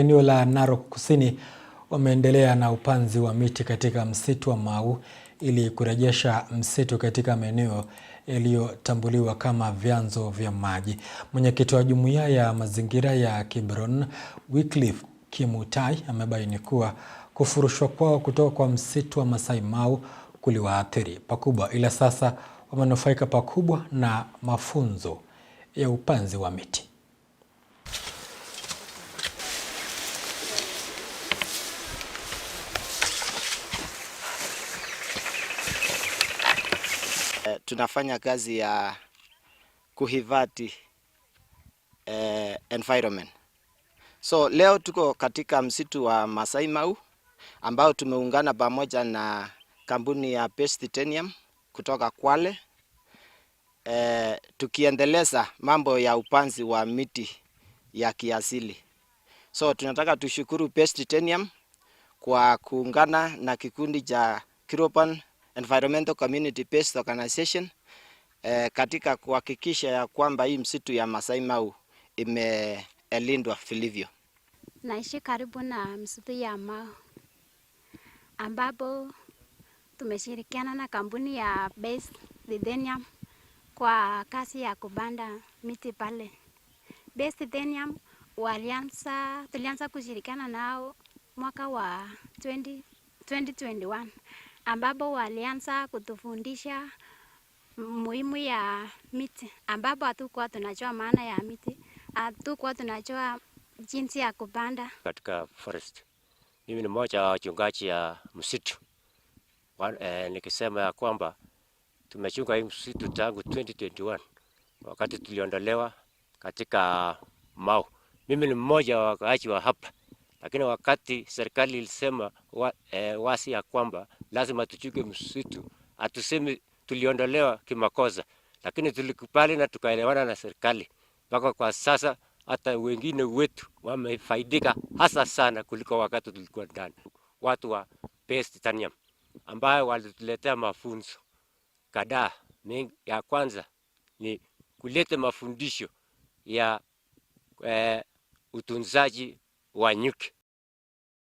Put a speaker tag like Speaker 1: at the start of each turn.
Speaker 1: Eneo la Narok Kusini wameendelea na upanzi wa miti katika msitu wa Mau ili kurejesha msitu katika maeneo yaliyotambuliwa kama vyanzo vya maji. Mwenyekiti wa Jumuiya ya Mazingira ya Kibron, Wycliffe Kimutai, amebaini kuwa kufurushwa kwao kutoka kwa msitu wa Masai Mau kuliwaathiri pakubwa, ila sasa wamenufaika pakubwa na mafunzo ya upanzi wa miti.
Speaker 2: Eh, tunafanya kazi ya kuhifadhi eh, environment. So leo tuko katika msitu wa Masai Mau ambao tumeungana pamoja na kampuni ya Best Titanium kutoka Kwale eh, tukiendeleza mambo ya upanzi wa miti ya kiasili. So tunataka tushukuru Best Titanium kwa kuungana na kikundi cha ja Kiropan Environmental Community Based Organization eh, katika kuhakikisha ya kwamba hii msitu ya Masai Mau imelindwa vilivyo.
Speaker 3: Naishi karibu na msitu ya Mau ambapo tumeshirikiana na kampuni ya Base Lithenium kwa kazi ya kupanda miti pale. Base Lithenium walianza, tulianza kushirikiana nao mwaka wa 20, 2021 ambapo walianza kutufundisha muhimu ya miti, ambapo hatukuwa tunajua maana ya miti, hatukuwa tunajua jinsi ya kupanda
Speaker 4: katika forest. Mimi ni mmoja wa wachungaji ya msitu eh, nikisema ya kwamba tumechunga hii msitu tangu 2021 wakati tuliondolewa katika Mau. Mimi ni mmoja wa wakaaji wa hapa, lakini wakati serikali ilisema wa, eh, wasi ya kwamba lazima tuchuke msitu. Hatusemi tuliondolewa kimakosa, lakini tulikubali na tukaelewana na serikali. Mpaka kwa sasa hata wengine wetu wamefaidika hasa sana kuliko wakati tulikuwa ndani, watu wa Base Titanium ambayo walituletea mafunzo kadhaa mengi. Ya kwanza ni kulete mafundisho ya eh, utunzaji wa nyuki.